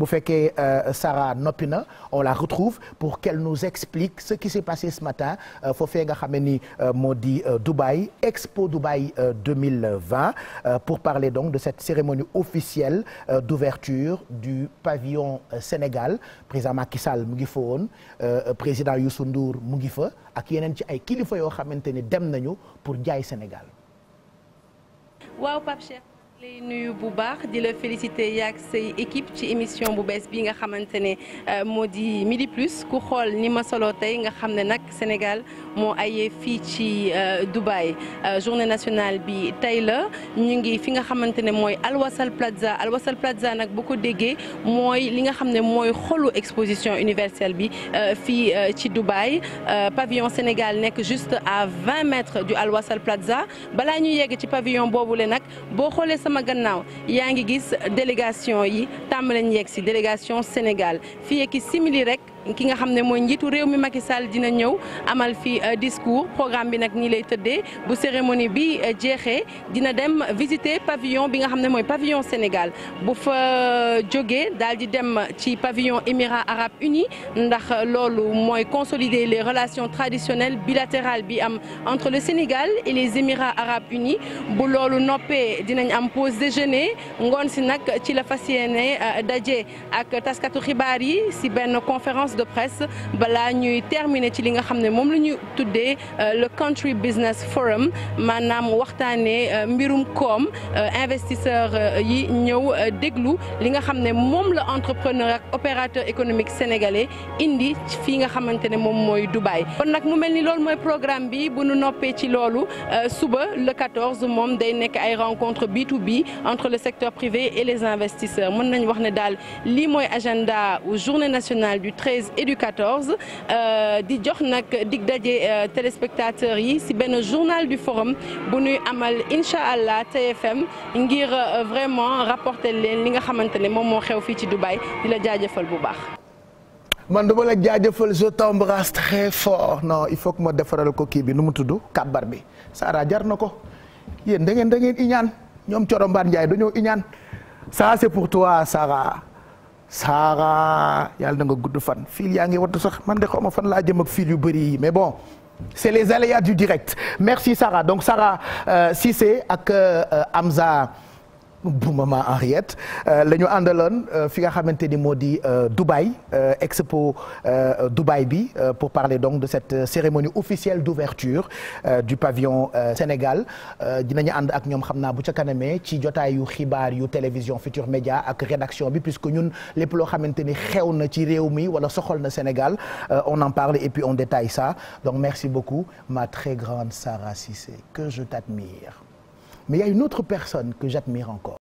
bu fekkee euh, Sarah noppi na on la retrouve pour qu'elle nous explique ce qui s'est passé ce matin euh, foofee nga xam ne ni euh, moo di Dubaï Expo Dubaï 2020 pour parler donc de cette cérémonie officielle d'ouverture du pavillon Sénégal président Macky Sall mu ngi fa woon président Youssou Ndour mu ngi fa ak yeneen ci ay kilifa yoo xamante ni dem nañu pour jaay Sénégal lay nuyu bu baax di la féliciter yaak say équipe ci émission bu bees bi nga xamante ne euh, moo di midi plus ku xool ni ma solo tey nga xam ne nag Sénégal moo ayee fii ci euh, Dubaï euh, journée nationale bi tey la ñu ngi fi nga xamante ne mooy Alwasal Plaza Alwasal Plaza nag bu ko déggee mooy li nga xam ne mooy xolu exposition universelle bi fii ci Dubaï pavillon Sénégal nekk juste à vingt mètres du Alwasal Plaza balaa ñu yegg ci pavillon boobu le nag boo sama gannaaw yaa ngi gis délégation yi tàmbale ñu yegg si délégation Sénégal fii ak simili rek ki nga xam ne mooy njiitu réew mi Macky Sall dina ñëw amal fi euh, discours programme bi nag nii lay tëddee bu cérémonie bi euh, jeexee dina dem visiter pavillon bi nga xam ne mooy pavillon Sénégal bu fa euh, jógee daal di dem ci pavillon Émirats arab uni ndax loolu mooy consolider les relations traditionnelles bilatérales bi am entre le Sénégal et les Émirats Arabes Unis bu loolu noppee dinañ am pause déjeuner ngoon si nag ci la fas yéene daje ak taskatu xibaar yi si benn conférence conférence de presse balaa ñuy terminer ci li nga xam ne moom la ñu tuddee euh, le country business forum maanaam waxtaanee euh, mbirum koom euh, investisseur yi ñëw déglu li nga xam ne moom la entrepreneur ak opérateur économique sénégalais indi fii nga xamante ne moom mooy Dubaï. kon nag mu mel ni loolu mooy programme bi bu nu noppee ci loolu suba le 14 moom day nekk ay rencontre B2B entre le secteur privé et les investisseurs mën nañu wax ne daal lii mooy agenda journée nationale du 13 et du 14 euh, di jox nag dig daje euh, téléspectateurs yi si benn journal du forum bu nuy amal incha allah TFM ngir euh, vraiment rapporter leen li nga xamante ne moom moo xew fii ci Dubaï di la jaajëfal bu baax. man duma la jaajëfal je t'embrasse très fort non il faut que ma defaral ko kii bi nu mu tudd kàbbar bi Sara jar na ko yéen da ngeen da iñaan ñoom Corombaar Ndiaye dañoo iñaan ça c'est pour toi Sara. saara yàlla na nga gudd fan fiil yaa ngi wattu sax man de xaw ma fan laa jëm ak fiil yu bëri mais bon c'est les aléas du direct merci Sarah donc Sarah euh, Cissé ak euh, Hamza bu maman Henriette euh, la ñu àndaloon euh, fi nga xamante ni moo di euh, Dubaï Expo Dubaï bi pour parler donc de cette cérémonie officielle d'ouverture du pavillon Sénégal dinañu ànd ak ñoom xam naa bu ca kanamee ci jotaayu xibaar yu télévision Futur Média ak rédaction bi puisque ñun lépp loo xamante ni xew na ci réew mi wala soxal na Sénégal on en parle et puis on détaille ça donc merci beaucoup ma très grande Sarah Cissé que je t'admire Mais il y a une autre personne que j'admire encore.